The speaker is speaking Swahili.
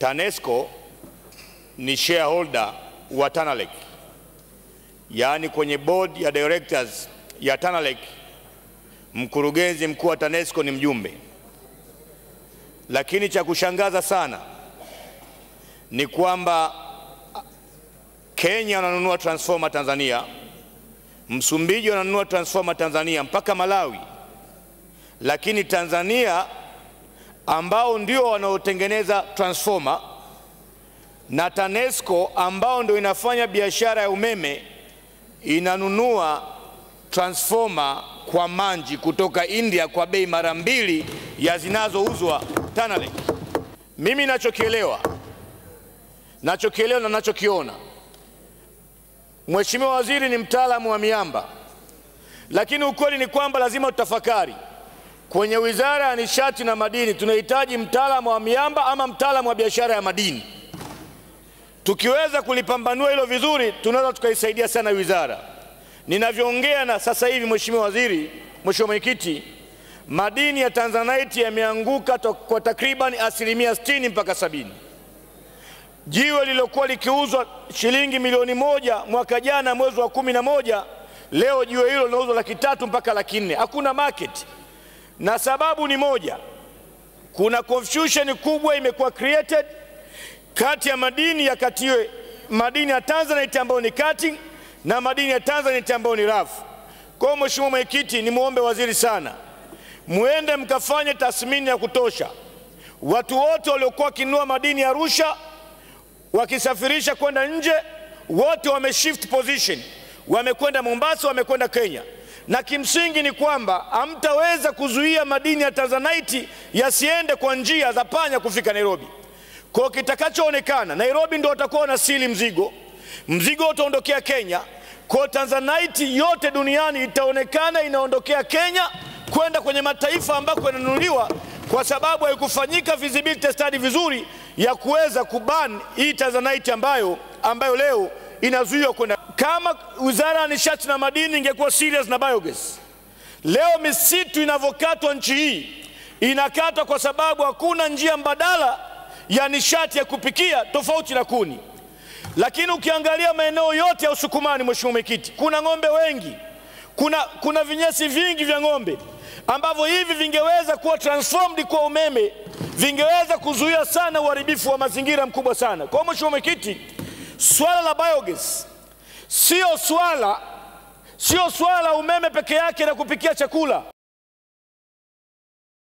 TANESCO ni shareholder wa TANALEK, yaani kwenye board ya directors ya TANALEK mkurugenzi mkuu wa TANESCO ni mjumbe. Lakini cha kushangaza sana ni kwamba Kenya wananunua transformer Tanzania, Msumbiji wananunua transformer Tanzania mpaka Malawi, lakini Tanzania ambao ndio wanaotengeneza transformer na TANESCO ambao ndio inafanya biashara ya umeme inanunua transformer kwa manji kutoka India kwa bei mara mbili ya zinazouzwa Tanalek. Mimi nachokielewa nachokielewa na nachokiona, Mheshimiwa Waziri ni mtaalamu wa miamba, lakini ukweli ni kwamba lazima tutafakari Kwenye wizara ya nishati na madini tunahitaji mtaalamu wa miamba ama mtaalamu wa biashara ya madini. Tukiweza kulipambanua hilo vizuri, tunaweza tukaisaidia sana wizara. Ninavyoongea na sasa hivi, mheshimiwa waziri, mheshimiwa mwenyekiti, madini ya tanzanite yameanguka kwa takriban asilimia 60 mpaka sabini. Jiwe lililokuwa likiuzwa shilingi milioni moja mwaka jana mwezi wa kumi na moja, leo jiwe hilo linauzwa laki tatu mpaka laki nne. Hakuna market na sababu ni moja, kuna confusion kubwa imekuwa created kati ya madini ya katiwe, madini ya Tanzanite ambayo ni cutting na madini ya Tanzanite ambayo ni rafu. Kwa hiyo Mheshimiwa Mwenyekiti, nimwombe waziri sana, mwende mkafanye tathmini ya kutosha watu wote waliokuwa wakinunua madini ya Arusha wakisafirisha kwenda nje, wote wameshift position, wamekwenda Mombasa, wamekwenda Kenya na kimsingi ni kwamba hamtaweza kuzuia madini ya tanzanaiti yasiende kwa njia za panya kufika Nairobi. Kwa kitakachoonekana, Nairobi ndio watakuwa na sili mzigo, mzigo utaondokea Kenya. Kwa tanzanaiti yote duniani itaonekana inaondokea Kenya kwenda kwenye mataifa ambako yananunuliwa kwa sababu haikufanyika feasibility study vizuri ya kuweza kuban hii tanzanaiti ambayo, ambayo leo inazuiwa kwenda. Kama wizara ya nishati na madini ingekuwa serious na biogas, leo misitu inavyokatwa nchi hii inakatwa kwa sababu hakuna njia mbadala ya nishati ya kupikia tofauti na kuni. Lakini ukiangalia maeneo yote ya Usukumani, Mheshimiwa Mwenyekiti, kuna ng'ombe wengi, kuna, kuna vinyesi vingi vya ng'ombe ambavyo hivi vingeweza kuwa transformed kwa umeme, vingeweza kuzuia sana uharibifu wa mazingira mkubwa sana. Kwa hiyo Mheshimiwa Mwenyekiti, Swala la biogas sio swala sio swala la umeme peke yake na kupikia chakula.